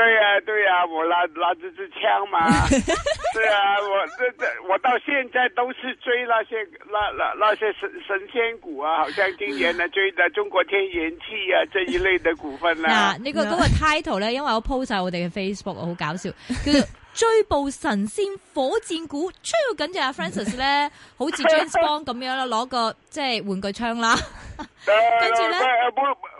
對呀對呀，我拉拉這支槍嘛，對啊，我這 啊我我到現在都是追那些那那那些神神仙股啊，好像今年呢追的中國天然氣啊這一類的股份啦、啊。嗱、啊，呢、那個嗰、那個 title 咧，因為我 post 晒我哋嘅 Facebook，好搞笑，叫 做追捕神仙火箭股，追緊就阿 Francis 咧，好似 James Bond 咁樣啦，攞 個即係玩具槍啦，啊、跟住咧。啊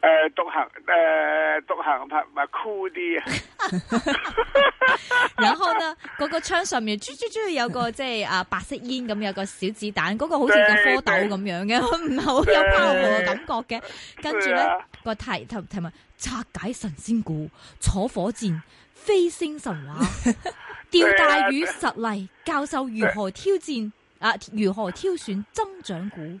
誒、呃，獨行誒，獨、呃、行咪咪酷啲。呃呃、 然後咧，嗰、那個窗上面，豬豬豬有個即係啊白色煙咁，有個小子彈，嗰、那個好似個蝌蚪咁樣嘅，唔係好有拋河嘅感覺嘅。跟住咧個題題題目拆解神仙股，坐火箭飛星神話，釣、啊、大魚實例，教授如何挑戰啊？如何挑選增長股？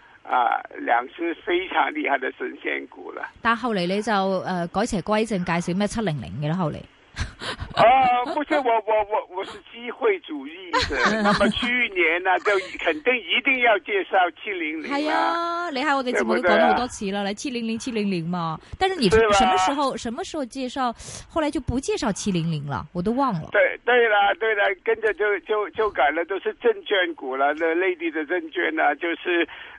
啊，兩隻非常厲害的神仙股啦！但後來你就呃改邪歸正，介紹咩七零零嘅啦？後來哦、 啊，不是我我我我是機會主義的 那麼去年呢、啊、就肯定一定要介紹七零零。係 啊、哎，你喺我哋節目都講了好多次了，對對啊、來七零零七零零嘛。但是你什什麼時候什麼時候介紹，後來就不介紹七零零了，我都忘了。對對啦對啦，跟着就就就改了，都是證券股啦，那內地的證券呢、啊，就是。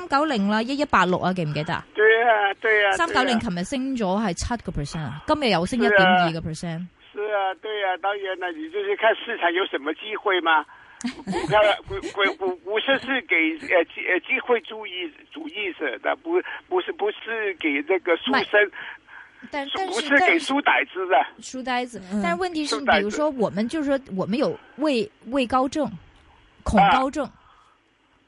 三九零啦，一一八六啊，記唔記得啊？對啊，對啊。三九零琴日升咗係七個 percent 啊，今日又升一點二個 percent。是啊，對啊，當然啦、啊，你就是看市場有什麼機會嘛。股票股股股股市是給誒誒機會主義主義者，但不不是不是給這個書生，但，但是不是給書呆子的。嗯、書呆子，嗯、但是問題是，比如說我們就是說，我們有畏畏高症、恐高症。啊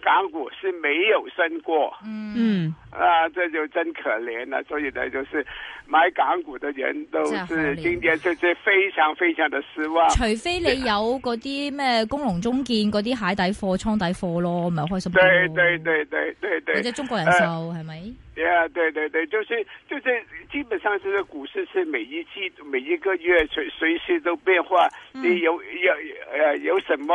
港股是沒有升過，嗯嗯，啊，這就真可憐了。所以呢，就是買港股的人都是今天就是非常非常的失望。除非你有嗰啲咩工農中建嗰啲海底貨、倉底貨咯，咪開心啲。對對對對對對，或中國人壽係咪？對啊，對對對，就是就是基本上，就是股市是每一季，每一個月隨隨時都變化。你有有呃有什麼？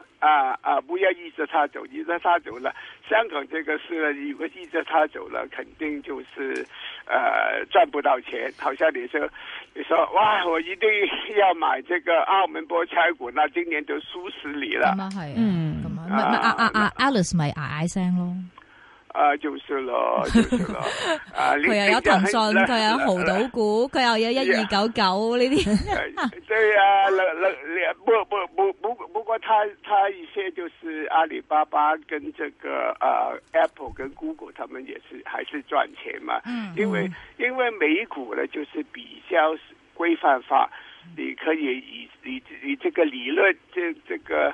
啊啊！不要依著他走，依著他走了，香港這個事呢，如果依著他走了，肯定就是，呃賺不到錢。好像你說，你說哇，我一定要買這個澳門博彩股，那今年就輸死你了。咁、嗯、係、啊，嗯，咁、嗯、啊。啊啊啊！Alice 咪嗌嗌聲咯。啊，就是了，就是了。佢、啊、 又有騰訊，佢有豪賭股，佢又有一二九九呢啲。對所、啊、 不不不不不，不過他，他他一些就是阿里巴巴跟這個啊 Apple 跟 Google，他們也是還是賺錢嘛。嗯。因為、嗯、因為美股呢，就是比較規範化，你可以以以以這個理論，這這個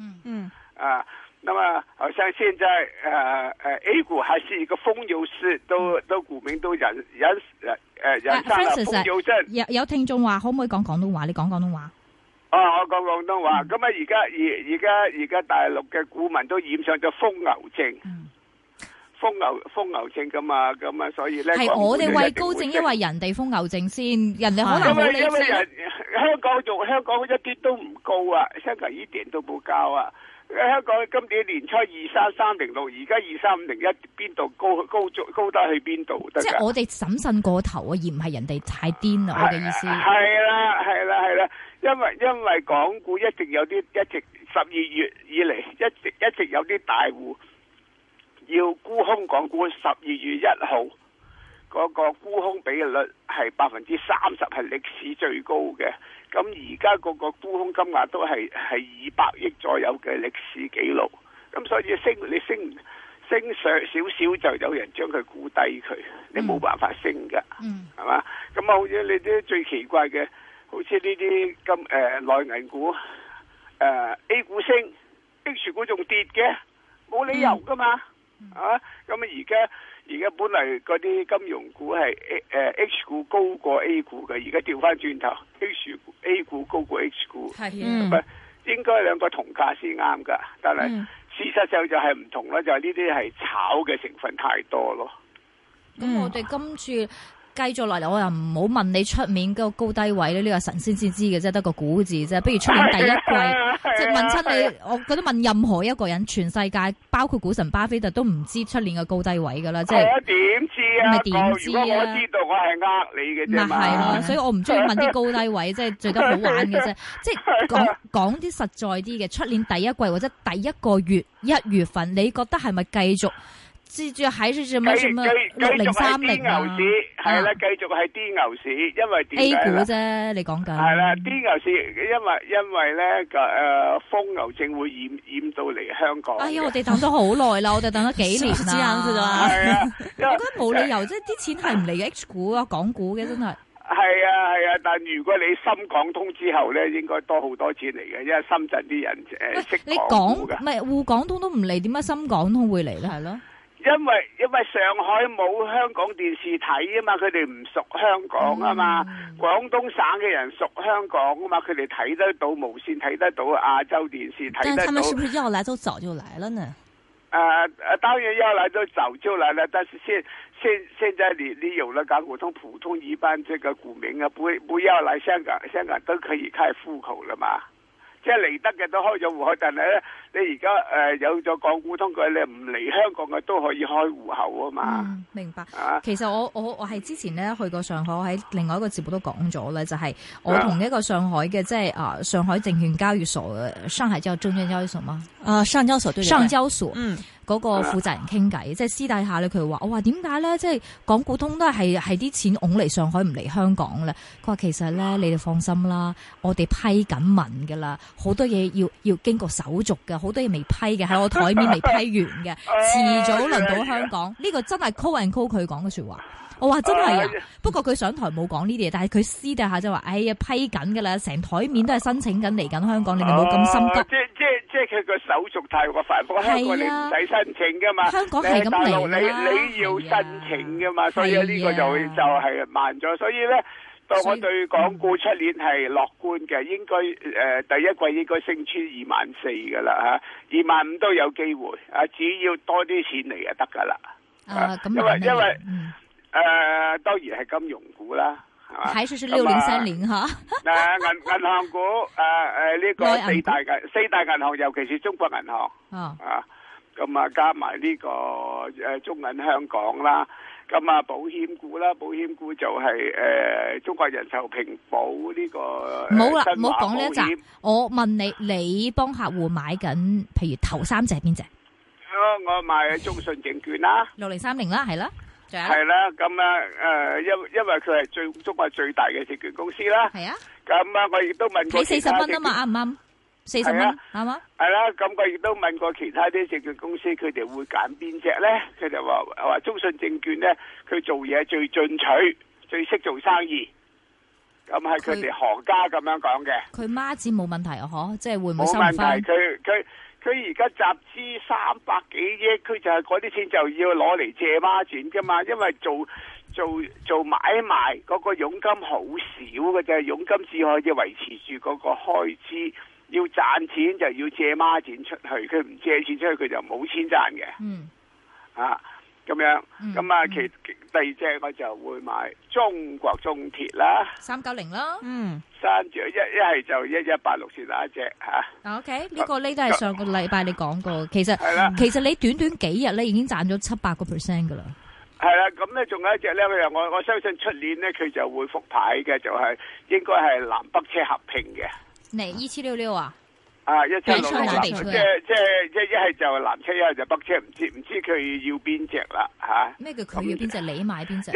嗯嗯，啊，那麼好像現在，誒、啊、誒，A 股還是一個瘋牛市，都都股民都染染誒、啊、染上咗瘋牛市，有有聽眾話，可唔可以講廣東話？你講廣東話？哦、啊，我講廣東話，咁啊而家而而家而家大陸嘅股民都染上咗瘋牛症。嗯瘋牛瘋牛症噶嘛，咁啊，所以咧係我哋畏高症，因為人哋瘋牛症先，人哋可能冇因為人香港仲香港一啲都唔高啊，香港一年都冇交啊。香港今年年初二三三零六，而家二三五零一，邊度高高高得去邊度？即係我哋審慎過頭啊，而唔係人哋太癲啊，我嘅意思。係啦係啦係啦，因為因為港股一直有啲一直十二月以嚟一直一直有啲大戶。要沽空港股十二月一號，嗰個沽空比率係百分之三十，係歷史最高嘅。咁而家個個沽空金額都係係二百億左右嘅歷史紀錄。咁所以升你升升上少少就有人將佢沽低佢，你冇辦法升㗎，嗯，係嘛？咁啊，好似你啲最奇怪嘅，好似呢啲金誒內銀股誒、呃、A 股升，H 股仲跌嘅，冇理由㗎嘛～、嗯啊！咁啊，而家而家本嚟嗰啲金融股係 A 誒 H 股高過 A 股嘅，而家調翻轉頭 H 股 A 股高過 H 股，係嗯，應該兩個同價先啱噶。但係事實上就係唔同啦，就係呢啲係炒嘅成分太多咯。咁我哋今次。嗯繼續落嚟，我又唔好問你出面個高低位咧。呢個神仙先知嘅啫，得個估字啫。不如出年第一季，哎、即係問親你、哎。我覺得問任何一個人，全世界包括股神巴菲特都唔知出年嘅高低位噶啦。即係點、哎、知啊？點、那個、知啊？如果我知道，我係呃你嘅。咪係所以我唔中意問啲高低位， 即係最得好玩嘅啫。即係講講啲實在啲嘅，出年第一季或者第一個月一月份，你覺得係咪繼續？之住喺住做乜做乜？零三零牛市啊，係啦，繼續係跌牛市，因為 A 股啫，你講緊係啦，跌牛市，因為因為咧個誒，瘋牛正會染染到嚟香港。哎呀，我哋等咗好耐啦，我哋等咗幾年啦，係啊，我覺得冇理由，即係啲錢係唔嚟嘅 H 股啊，港股嘅真係。係啊係啊，但係如果你深港通之後咧，應該多好多錢嚟嘅，因為深圳啲人誒識港股噶，唔係滬港通都唔嚟，點解深港通會嚟咧？係咯。因為因為上海冇香港電視睇啊嘛，佢哋唔熟香港啊嘛，廣、嗯、東省嘅人熟香港啊嘛，佢哋睇得到無線，睇得到亞洲電視睇得到。但係，他們是不是要來都早就來了呢？呃、當然要來都早就來了，但是現現現在你你有了港股通，普通一般這個股民啊，不不要來香港，香港都可以開戶口了嘛，即係嚟得嘅都開咗戶口，但係咧。你而家誒有咗港股通嘅，你唔嚟香港嘅都可以開戶口啊嘛、嗯！明白啊？其實我我我係之前咧去過上海，喺另外一個節目都講咗咧，就係、是、我同一個上海嘅即係啊上海證券交易所、上海之後中央交易所嘛啊上交所對上交所嗯嗰、那個負責人傾偈，即、嗯、係、就是、私底下咧，佢話：「我話點解咧？即、就、係、是、港股通都係係啲錢拱嚟上海唔嚟香港咧。佢話：「其實咧，你哋放心啦，我哋批緊文噶啦，好多嘢要要經過手續嘅。好多嘢未批嘅，喺我台面未批完嘅，遲早輪到香港。呢、啊啊啊這個真係 call and call 佢講嘅說話，我話真係啊，啊。不過佢上台冇講呢啲嘢，但係佢私底下就話，哎呀，批緊噶啦，成台面都係申請緊嚟緊香港，啊、你哋冇咁心急。即即即佢個手續太過繁複，不係你唔使申請噶嘛。香港係咁嚟你、啊、你，你要申請噶嘛、啊所啊，所以呢個就就係慢咗，所以咧。嗯、我對港股出年係樂觀嘅，應該、呃、第一季應該升穿二萬四嘅啦嚇，二萬五都有機會，啊只要多啲錢嚟就得噶啦。啊，咁、啊啊、因為因為誒、嗯呃、當然係金融股啦，係、啊、嘛？還是係六零三零嚇？誒銀銀行股誒誒呢個四大嘅 四大銀行，尤其是中國銀行啊，咁啊加埋呢、這個誒、啊、中銀香港啦。咁啊，保險股啦，保險股就係誒中國人壽、平保呢個。唔好啦，唔好講呢一集。我問你，你幫客戶買緊，譬如頭三隻係邊隻？啊，我買中信證券啦，六零三零啦，係啦，仲有。係啦，咁啊誒，因因為佢係最中國最大嘅證券公司啦。係啊。咁啊，我亦都問過其他嘅。睇四十蚊啊嘛，啱唔啱？係啦，係嘛、啊？係啦，咁佢亦都問過其他啲證券公司，佢哋會揀邊隻咧？佢哋話話中信證券咧，佢做嘢最進取，最識做生意，咁係佢哋行家咁樣講嘅。佢孖展冇問題啊，嗬？即係會唔會收翻？冇問題，佢佢佢而家集資三百幾億，佢就係嗰啲錢就要攞嚟借孖展㗎嘛。因為做做做買賣嗰個佣金好少嘅啫，佣金只可以維持住嗰個開支。要賺錢就要借孖展出去，佢唔借錢出去佢就冇錢賺嘅。嗯，啊咁樣，咁、嗯、啊其，、嗯、其，其第二隻我就會買中國中鐵啦，三九零啦。嗯，三隻一一係就一一八六先打一隻嚇、啊。OK，呢、嗯這個呢都係上個禮拜你講過， 其實其實你短短幾日咧已經賺咗七百個 percent 嘅啦。係啦，咁咧仲有一隻咧，我我相信出年咧佢就會復牌嘅，就係、是、應該係南北車合併嘅。你一七六六啊？啊，一七六六，即係即係即係一係就係南車，一係就北車，唔知唔知佢要邊隻啦吓？咩叫佢要邊隻？你買邊隻？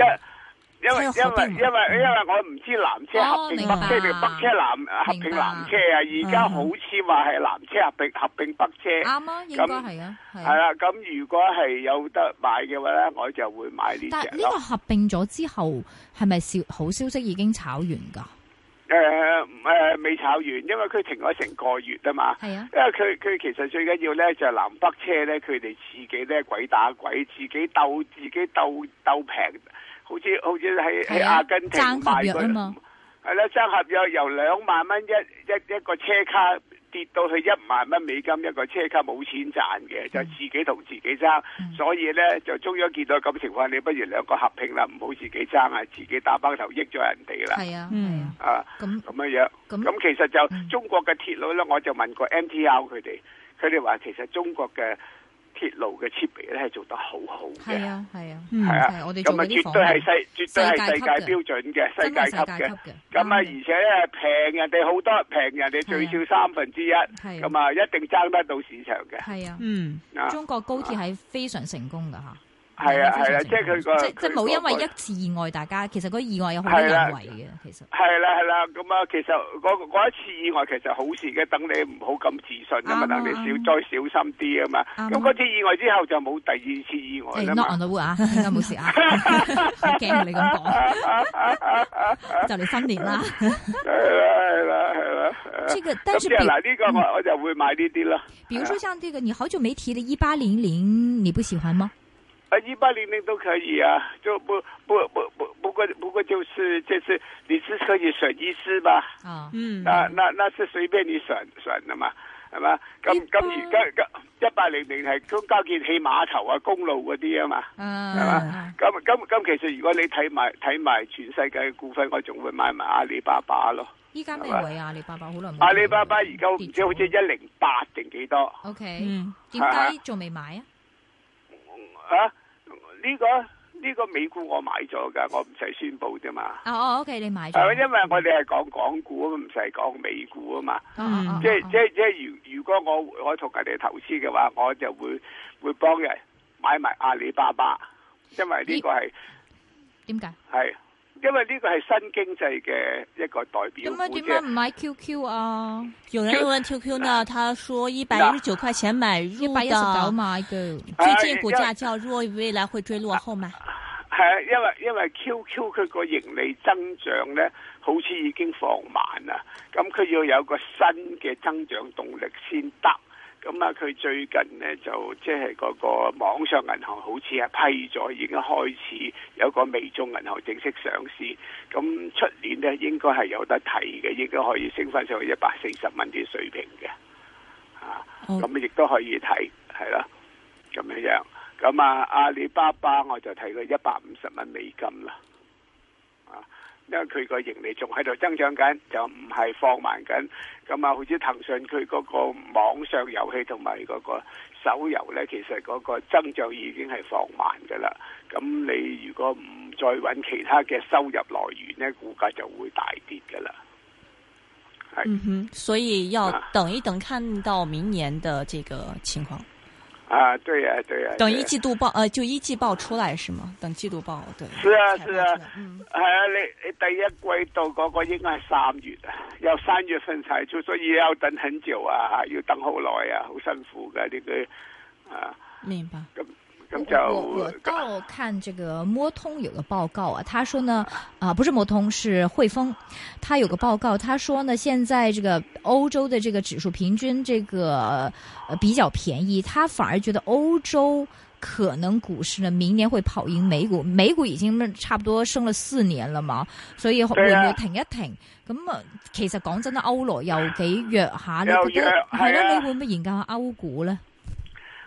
因為因為因為因為因為我唔知南車合併北車北車南合併南車啊！而家好似話係南車合併合併北車，啱啊，應該係啊。係啊，咁如果係有得買嘅話咧，我就會買呢隻，但呢個合併咗之後，係咪消好消息已經炒完噶？誒、呃、誒，未、呃、炒完，因為佢停咗成個月啊嘛。係啊，因為佢佢其實最緊要咧就係南北車咧，佢哋自己咧鬼打鬼，自己鬥自己鬥鬥平，好似好似喺喺阿根廷買佢。係啦、啊，張合約、啊、合約由兩萬蚊，一一一,一個車卡。跌到去一萬蚊美金一個車卡，冇錢賺嘅，就自己同自己爭、嗯嗯，所以呢，就中央見到咁情況，你不如兩個合併啦，唔好自己爭啊，自己打包頭益咗人哋啦。係、嗯、啊，嗯咁樣樣，咁、嗯嗯、其實就、嗯、中國嘅鐵路呢，我就問過 MTR 佢哋，佢哋話其實中國嘅。鐵路嘅設備咧係做得好好嘅，係啊，係啊，係、嗯、啊，我哋做的絕對係絕對係世界標準嘅，世界級嘅，咁啊，而且咧平人哋好多，平人哋最少三分之一，咁啊，一定爭得到市場嘅，係啊，嗯，中國高鐵係非常成功㗎吓係啊係啊，係啊就係佢個、即係佢、嗰個即即係冇因為一次意外，大家其實嗰意外有好多人為嘅，其實係啦係啦，咁啊，啊，其實嗰一次意外其實好事嘅，等你唔好咁自信啊嘛，你少、啊、再小心啲啊嘛。咁嗰次意外之後就冇第二次意外啦、哎、no 年 啊，冇事啊，唔驚你咁講，就你新年啦。係啦係啦係啦。即嗱呢個、呢個、我我就會買呢啲啦。比如說像呢個你好久沒提嘅，一八零零，你不喜歡嗎？一八零零都可以啊，就不不不不過不過就是就是你只可以選一枝吧。啊，嗯，啊，那那即隨便你上上啊嘛，係嘛？咁咁而家一八零零係都交建起碼頭啊，公路嗰啲啊嘛，係、啊、嘛？咁咁咁，其實如果你睇埋睇埋全世界嘅股份，我仲會買埋阿里巴巴咯。依家定位阿里巴巴好阿里巴巴而家唔知好似一零八定幾多？O K，點解仲未買啊？啊？啊呢個呢個美股我買咗噶，我唔使宣布啫嘛。哦，O K，你買咗。因為我哋係講港股，唔使講美股啊嘛。Mm. 即係即係即係，如如果我我同人哋投資嘅話，我就會會幫人買埋阿里巴巴，因為呢個係點解係？為為因為呢個係新經濟嘅一個代表股嘅。點解點解唔買 QQ 啊？Q、有人問 QQ 呢，啊、他說一百一十九塊錢買入嘅、啊，最近股價較弱，未來會追落後嗎？係、哎，因為因為 QQ 佢個盈利增長呢，好似已經放慢啦，咁佢要有個新嘅增長動力先得。咁啊，佢最近呢，就即係嗰個網上銀行好似係批咗，已經開始有個微眾銀行正式上市。咁出年呢，應該係有得睇嘅，應該可以升翻上去一百四十蚊啲水平嘅。咁亦都可以睇，係啦，咁樣樣。咁啊，阿里巴巴我就睇佢一百五十蚊美金啦。因為佢個盈利仲喺度增長緊，就唔係放慢緊。咁、嗯、啊，好似騰訊佢嗰個網上遊戲同埋嗰個手遊呢，其實嗰個增長已經係放慢噶啦。咁你如果唔再揾其他嘅收入來源呢，股價就會大跌噶啦。嗯哼，所以要等一等，看到明年的這個情況。啊，對呀、啊，對呀、啊啊，等一季度報，呃，就一季報出來是嗎？等季度報，對。是啊，是啊，係、嗯、啊，你你第一季度嗰個應該係三月啊，要三月份才出，所以要等很久啊，要等好耐啊，好辛苦噶呢個啊。明白。嗯。嗯、我倒看這個摩通有個報告啊，他說呢，啊、呃，不是摩通，是匯豐，他有個報告，他說呢，現在這個歐洲的這個指數平均這個比較便宜，他反而覺得歐洲可能股市呢，明年會跑贏美股，美股已經差不多升了四年了嘛，所以會唔會停一停？咁啊，其實講真的，歐羅有幾弱下咧，係咯、哎，你會唔會研究下歐股呢？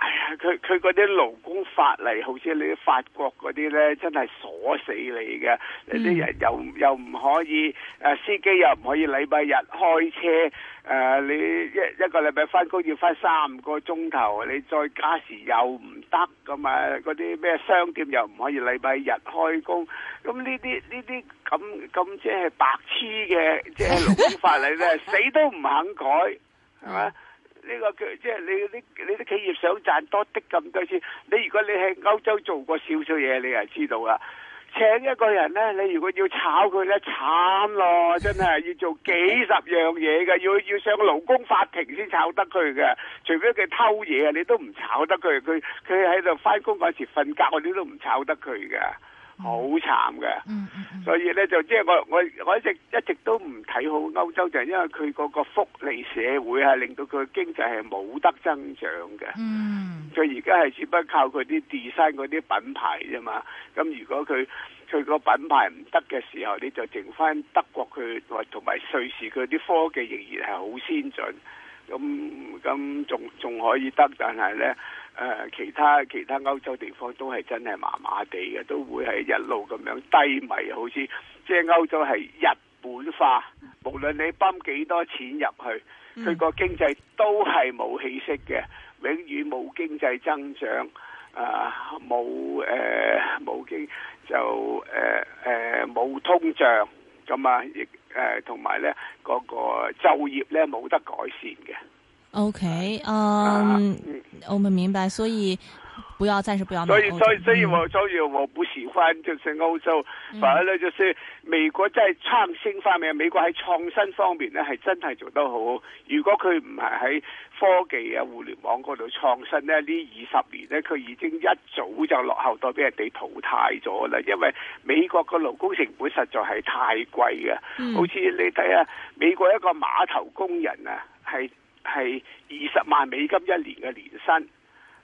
哎呀，佢佢嗰啲勞工法例，好似你啲法國嗰啲咧，真係鎖死你嘅。你、嗯、啲人又又唔可以，司機又唔可以禮拜日開車。誒、呃、你一一個禮拜翻工要翻三個鐘頭，你再加時又唔得㗎嘛。嗰啲咩商店又唔可以禮拜日開工。咁呢啲呢啲咁咁即係白痴嘅，即係勞工法例咧， 死都唔肯改，係咪？嗯。呢、這個即係你啲你啲企業想賺多啲咁多錢。你如果你喺歐洲做過少少嘢，你就知道啦。請一個人呢，你如果要炒佢呢，慘咯，真係要做幾十樣嘢嘅，要要上勞工法庭先炒得佢嘅。除非佢偷嘢啊，你都唔炒得佢。佢佢喺度翻工嗰時瞓覺，你都唔炒得佢㗎。好慘嘅，mm -hmm. 所以咧就即係、就是、我我我一直一直都唔睇好歐洲，就係、是、因為佢嗰個福利社會係令到佢經濟係冇得增長嘅。嗯，佢而家係只不過靠佢啲 design 嗰啲品牌啫嘛。咁如果佢佢個品牌唔得嘅時候，你就剩翻德國佢或同埋瑞士佢啲科技仍然係好先進。咁咁仲仲可以得，但係咧。誒、呃、其他其他歐洲地方都係真係麻麻地嘅，都會係一路咁樣低迷，好似即係歐洲係日本化，無論你抌幾多錢入去，佢、嗯、個經濟都係冇氣息嘅，永遠冇經濟增長，冇誒冇經就呃呃、冇通脹，咁啊亦誒同埋咧個個就業咧冇得改善嘅。O K，嗯，我們明白，所以不要暫時不要買。所以，所以，所以我，所以我不喜歡就是歐洲。或者咧，就是美國真係創新方面，美國喺創新方面咧係真係做得好。如果佢唔係喺科技啊、互聯網嗰度創新咧，呢二十年咧，佢已經一早就落後到俾人哋淘汰咗啦。因為美國個勞工成本實在係太貴嘅、嗯，好似你睇下、啊、美國一個碼頭工人啊，係。係二十萬美金一年嘅年薪，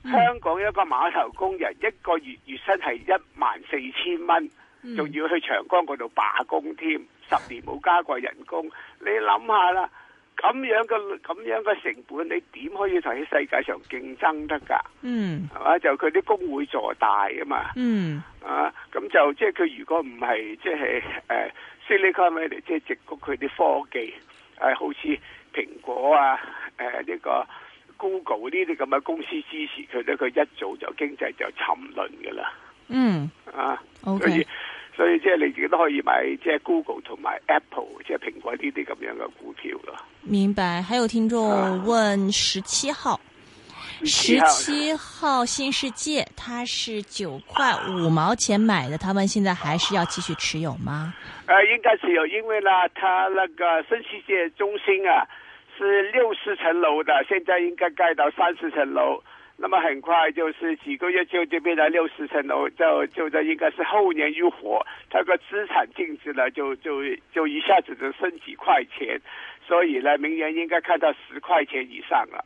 嗯，香港一個碼頭工人一個月月薪係一萬四千蚊，仲、嗯、要去長江嗰度罷工添，十年冇加過人工。你諗下啦，咁樣嘅咁樣嘅成本，你點可以同喺世界上競爭得噶？嗯，係嘛？就佢啲工會坐大啊嘛。嗯，啊，咁就即係佢如果唔係即係誒、呃、Silicon Valley 即係直谷佢啲科技，誒、呃、好似。蘋果啊，誒、呃、呢、那個 Google 呢啲咁嘅公司支持佢咧，佢一早就經濟就沉淪嘅啦。嗯，啊，OK，所以所以即係你自己都可以買即係、就是、Google 同埋 Apple 即係蘋果呢啲咁樣嘅股票咯。明白。還有聽眾問十七號，十、啊、七號,號新世界，它是九塊五毛錢買的，他們現在還是要繼續持有嗎？誒、啊，應該持有，因為咧，佢那個新世界中心啊。是六十層樓的，現在應該蓋到三十層樓，那麼很快就是幾個月就就變成六十層樓，就就這應該是後年入伙，它個資產淨值呢就就就一下子就升幾塊錢，所以呢明年應該看到十塊錢以上了，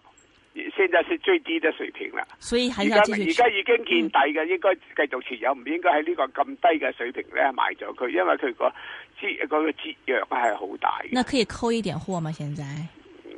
現在是最低的水平了。所以還是要繼續。而家而家已經見底嘅，嗯，應該繼續持有，唔應該喺呢個咁低嘅水平咧買咗佢，因為佢個節嗰個節約係好大。那可以溝一點貨嗎？現在？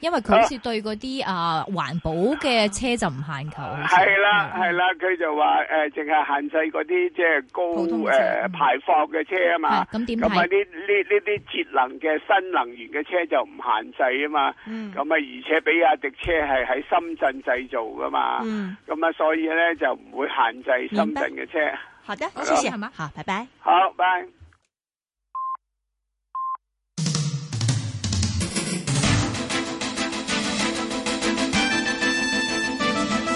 因為佢好似對嗰啲啊環保嘅車就唔限購，係啦係啦，佢就話誒淨係限制嗰啲即係高誒、呃、排放嘅車啊嘛，咁啊呢呢呢啲節能嘅新能源嘅車就唔限制啊嘛，咁、嗯、啊而且比亞迪車係喺深圳製造噶嘛，咁、嗯、啊所以咧就唔會限制深圳嘅車。好的，多謝係咪？好，拜拜。好，拜。Bye.